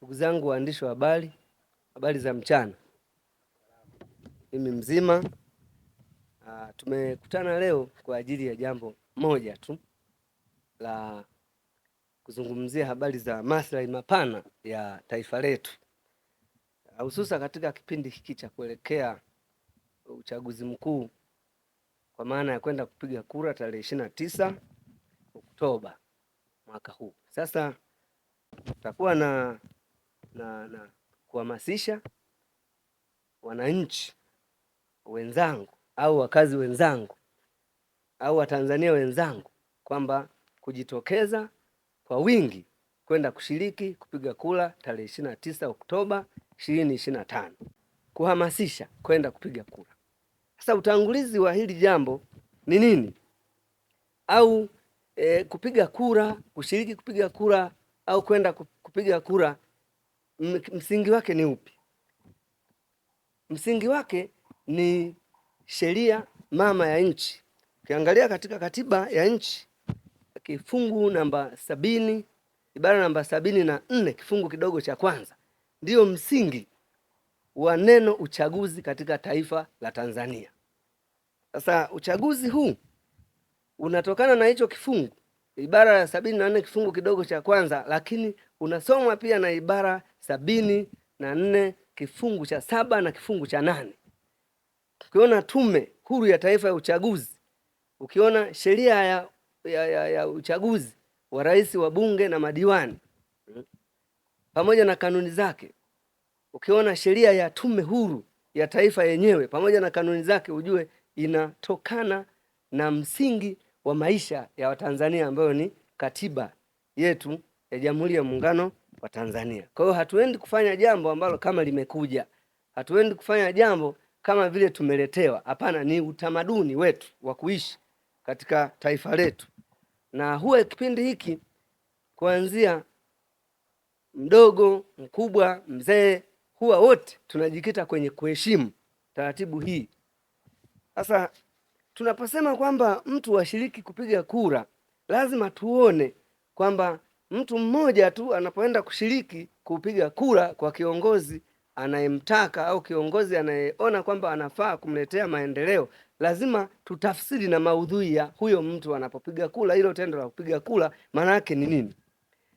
Ndugu zangu waandishi wa habari, habari za mchana. Mimi mzima. Uh, tumekutana leo kwa ajili ya jambo moja tu la kuzungumzia habari za maslahi mapana ya taifa letu, hususa uh, katika kipindi hiki cha kuelekea uchaguzi mkuu kwa maana ya kwenda kupiga kura tarehe ishirini na tisa Oktoba mwaka huu. Sasa tutakuwa na na, na kuhamasisha wananchi wenzangu au wakazi wenzangu au Watanzania wenzangu kwamba kujitokeza kwa wingi kwenda kushiriki kupiga kura tarehe ishirini na tisa Oktoba ishirini ishirini na tano kuhamasisha kwenda kupiga kura. Sasa utangulizi wa hili jambo ni nini? Au e, kupiga kura, kushiriki kupiga kura au kwenda kupiga kura msingi wake ni upi? Msingi wake ni sheria mama ya nchi. Ukiangalia katika katiba ya nchi kifungu namba sabini ibara namba sabini na nne kifungu kidogo cha kwanza ndiyo msingi wa neno uchaguzi katika taifa la Tanzania. Sasa uchaguzi huu unatokana na hicho kifungu ibara ya sabini na nne kifungu kidogo cha kwanza, lakini unasomwa pia na ibara sabini na nne kifungu cha saba na kifungu cha nane. Ukiona Tume Huru ya Taifa ya Uchaguzi, ukiona sheria ya, ya, ya, ya uchaguzi wa rais wa bunge na madiwani mm, pamoja na kanuni zake, ukiona sheria ya Tume Huru ya Taifa yenyewe pamoja na kanuni zake, ujue inatokana na msingi wa maisha ya Watanzania ambayo ni katiba yetu ya Jamhuri ya Muungano wa Tanzania. Kwa hiyo hatuendi kufanya jambo ambalo kama limekuja, hatuendi kufanya jambo kama vile tumeletewa. Hapana, ni utamaduni wetu wa kuishi katika taifa letu, na huwa kipindi hiki kuanzia mdogo, mkubwa, mzee, huwa wote tunajikita kwenye kuheshimu taratibu hii. Sasa tunaposema kwamba mtu washiriki kupiga kura, lazima tuone kwamba mtu mmoja tu anapoenda kushiriki kupiga kura kwa kiongozi anayemtaka au kiongozi anayeona kwamba anafaa kumletea maendeleo, lazima tutafsiri na maudhui ya huyo mtu anapopiga kura. Hilo tendo la kupiga kura maana yake ni nini?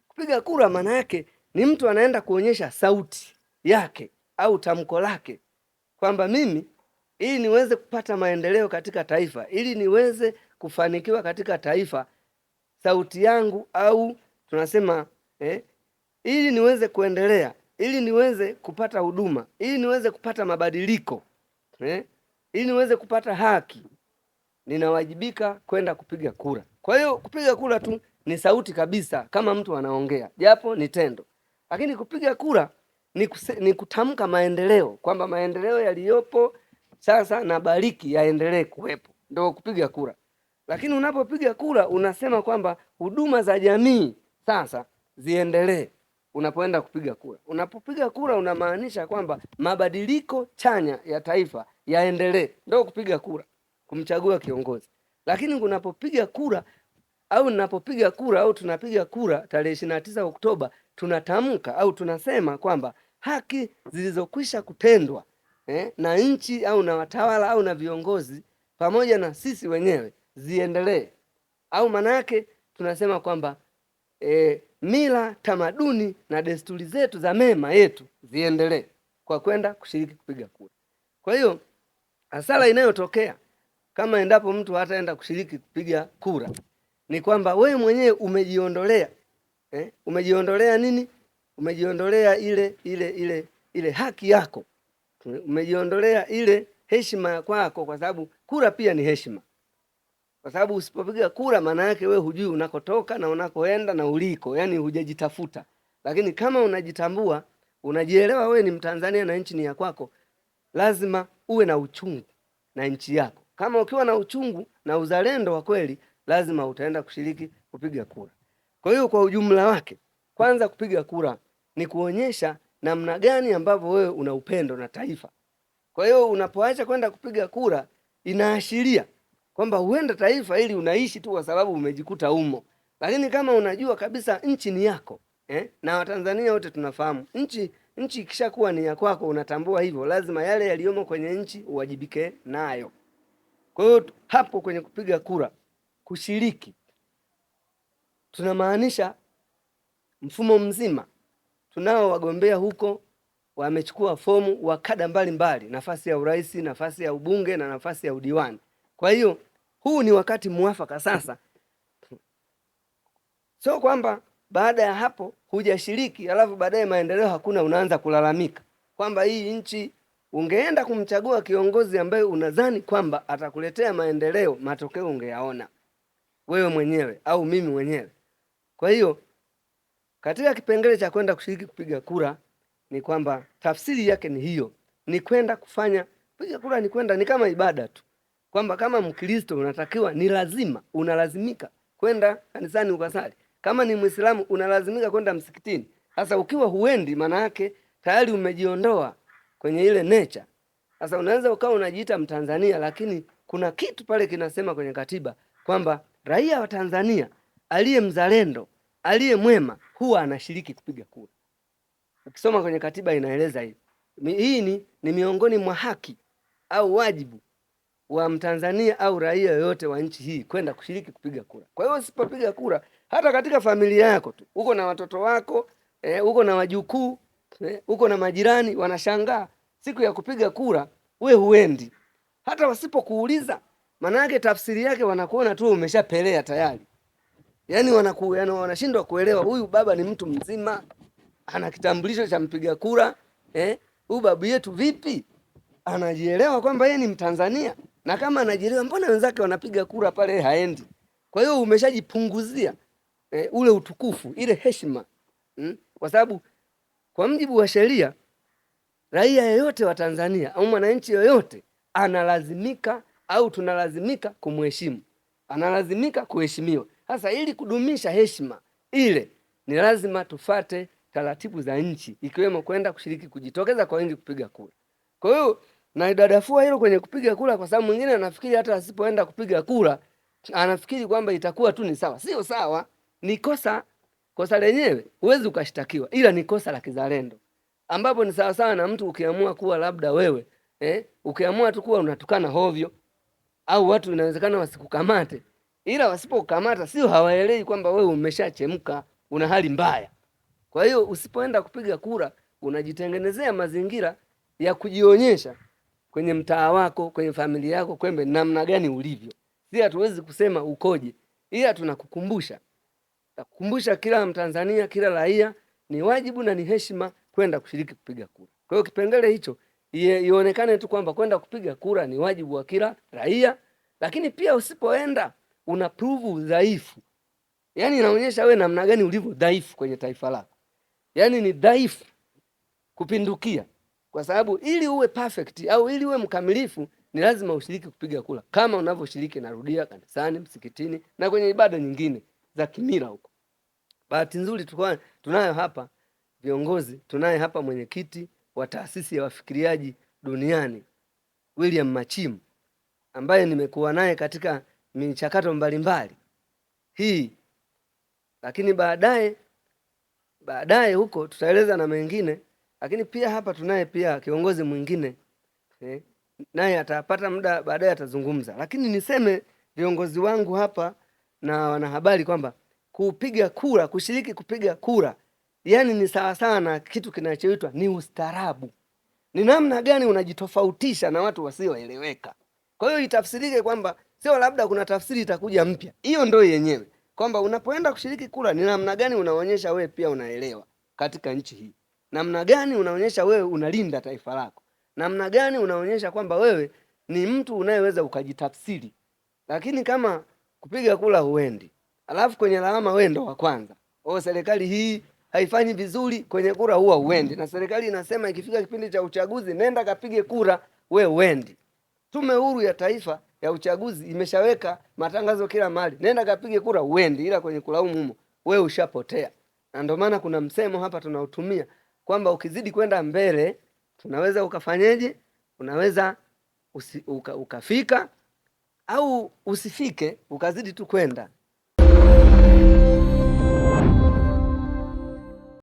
Kupiga kura maana yake ni mtu anaenda kuonyesha sauti yake au tamko lake kwamba mimi, ili niweze kupata maendeleo katika taifa, ili niweze kufanikiwa katika taifa, sauti yangu au tunasema eh, ili niweze kuendelea, ili niweze kupata huduma, ili niweze kupata mabadiliko eh, ili niweze kupata haki, ninawajibika kwenda kupiga kura. Kwa hiyo kupiga kura tu ni sauti kabisa, kama mtu anaongea, japo ni tendo, lakini kupiga kura ni, kuse, ni kutamka maendeleo kwamba maendeleo yaliyopo sasa na bariki yaendelee kuwepo, ndio kupiga kura. Lakini unapopiga kura unasema kwamba huduma za jamii sasa ziendelee unapoenda kupiga kura. Unapopiga kura, unamaanisha kwamba mabadiliko chanya ya taifa yaendelee, ndo kupiga kura, kumchagua kiongozi. Lakini unapopiga kura au ninapopiga kura au tunapiga kura tarehe ishirini na tisa Oktoba, tunatamka au tunasema kwamba haki zilizokwisha kutendwa eh, na nchi au na watawala au na viongozi pamoja na sisi wenyewe ziendelee, au maana yake tunasema kwamba e, mila tamaduni na desturi zetu za mema yetu ziendelee kwa kwenda kushiriki kupiga kura. Kwa hiyo hasara inayotokea kama endapo mtu hataenda kushiriki kupiga kura ni kwamba wewe mwenyewe umejiondolea eh, umejiondolea nini? Umejiondolea ile ile ile ile haki yako, umejiondolea ile heshima kwako, kwa sababu kura pia ni heshima kwa sababu usipopiga kura, maana yake wewe hujui unakotoka na unakoenda na uliko, yani hujajitafuta. Lakini kama unajitambua, unajielewa we ni Mtanzania na nchi ni ya kwako, lazima uwe na uchungu na nchi yako. Kama ukiwa na uchungu na uzalendo wa kweli, lazima utaenda kushiriki kupiga kura. Kwa hiyo kwa ujumla wake, kwanza kupiga kura ni kuonyesha namna gani ambavyo wewe una upendo na taifa. Kwa hiyo unapoacha kwenda kupiga kura inaashiria kwamba huenda taifa hili unaishi tu kwa sababu umejikuta umo, lakini kama unajua kabisa nchi ni yako eh? na Watanzania wote tunafahamu nchi nchi ikishakuwa ni ya kwako, unatambua hivyo, lazima yale yaliyomo kwenye nchi uwajibike nayo. Kwa hiyo hapo kwenye kupiga kura kushiriki, tunamaanisha mfumo mzima. Tunao wagombea huko wamechukua fomu wa kada mbalimbali, nafasi ya urais, nafasi ya ubunge na nafasi ya udiwani. Kwa hiyo huu ni wakati mwafaka sasa, sio kwamba baada ya hapo hujashiriki alafu baadaye maendeleo hakuna, unaanza kulalamika kwamba hii nchi. Ungeenda kumchagua kiongozi ambaye unadhani kwamba atakuletea maendeleo, matokeo ungeyaona wewe mwenyewe au mimi mwenyewe. Kwa hiyo katika kipengele cha kwenda kushiriki kupiga kura ni kwamba tafsiri yake ni hiyo, ni kwenda kufanya. Kupiga kura ni kwenda, ni kama ibada tu kwamba kama Mkristo unatakiwa ni lazima unalazimika kwenda kanisani ukasali, kama ni Mwislamu unalazimika kwenda msikitini. Sasa ukiwa huendi, maana yake tayari umejiondoa kwenye ile necha. Sasa unaweza ukawa unajiita Mtanzania, lakini kuna kitu pale kinasema kwenye katiba kwamba raia wa Tanzania aliye mzalendo aliye mwema huwa anashiriki kupiga kura. Ukisoma kwenye katiba inaeleza hivi. Hii ni, ni miongoni mwa haki au wajibu wa Mtanzania au raia yoyote wa nchi hii kwenda kushiriki kupiga kura. Kwa hiyo usipopiga kura, hata katika familia yako tu, uko na watoto wako eh, uko na wajukuu eh, uko na majirani, wanashangaa siku ya kupiga kura we huendi. Hata wasipokuuliza, maanake tafsiri yake wanakuona tu umeshapelea tayari, yani wanaku, yaani wanashindwa kuelewa huyu baba ni mtu mzima, ana kitambulisho cha mpiga kura eh, huyu babu yetu vipi anajielewa kwamba yeye ni Mtanzania na kama anajelewa, mbona wenzake wanapiga kura pale haendi? Kwa hiyo umeshajipunguzia eh, ule utukufu, ile heshima hmm? Kwa sababu kwa mjibu wa sheria raia yeyote wa Tanzania au mwananchi yoyote analazimika au tunalazimika kumheshimu, analazimika kuheshimiwa. Sasa ili kudumisha heshima ile ni lazima tufate taratibu za nchi, ikiwemo kwenda kushiriki, kujitokeza kwa wingi kupiga kura. Kwa hiyo naidadafua hilo kwenye kupiga kura, kwa sababu mwingine anafikiri hata asipoenda kupiga kura anafikiri kwamba itakuwa tu ni sawa. Sio sawa, ni kosa. Kosa lenyewe huwezi ukashtakiwa, ila ni kosa la kizalendo, ambapo ni sawa sawa na mtu ukiamua kuwa labda wewe eh, ukiamua tu kuwa unatukana hovyo au watu inawezekana wasikukamate, ila wasipokamata sio hawaelewi kwamba wewe umeshachemka, una hali mbaya. Kwa hiyo usipoenda kupiga kura unajitengenezea mazingira ya kujionyesha kwenye mtaa wako, kwenye familia yako, kwembe namna gani ulivyo. Si hatuwezi kusema ukoje, ila tunakukumbusha, kukumbusha kila Mtanzania, kila raia, ni wajibu na ni heshima kwenda kushiriki kupiga kura. Kwa hiyo kipengele hicho ionekane tu kwamba kwenda kupiga kura ni wajibu wa kila raia, lakini pia usipoenda una pruvu udhaifu, yaani inaonyesha wewe namna gani ulivyo dhaifu kwenye taifa lako, yaani ni dhaifu kupindukia kwa sababu ili uwe perfect au ili uwe mkamilifu ni lazima ushiriki kupiga kula kama unavyoshiriki, narudia, kanisani, msikitini na kwenye ibada nyingine za kimila huko. Bahati nzuri tulikuwa tunayo hapa viongozi, tunaye hapa mwenyekiti wa taasisi ya wafikiriaji duniani William Machimu, ambaye nimekuwa naye katika michakato mbalimbali hii, lakini baadaye baadaye huko tutaeleza na mengine. Lakini pia hapa tunaye pia kiongozi mwingine eh, naye atapata muda baadaye atazungumza, lakini niseme viongozi wangu hapa na wanahabari kwamba kupiga kura, kushiriki kupiga kura, yani ni sawa sawa na kitu kinachoitwa ni ustaarabu. Ni namna gani unajitofautisha na watu wasioeleweka. Kwa hiyo itafsirike kwamba sio labda kuna tafsiri itakuja mpya, hiyo ndio yenyewe, kwamba unapoenda kushiriki kura ni namna gani unaonyesha wewe pia unaelewa katika nchi hii namna gani unaonyesha wewe unalinda taifa lako, namna gani unaonyesha kwamba wewe ni mtu unayeweza ukajitafsiri. Lakini kama kupiga kula huendi, alafu kwenye lawama wewe ndo wa kwanza, oh, serikali hii haifanyi vizuri, kwenye kura huwa uendi, na serikali inasema ikifika kipindi cha uchaguzi nenda kapige kura, we uendi. Tume Huru ya Taifa ya Uchaguzi imeshaweka matangazo kila mahali, nenda kapige kura, uendi, ila kwenye kulaumu humo we ushapotea. Na ndio maana kuna msemo hapa tunautumia kwamba ukizidi kwenda mbele unaweza ukafanyeje? Unaweza usi, uka, ukafika au usifike ukazidi tu kwenda.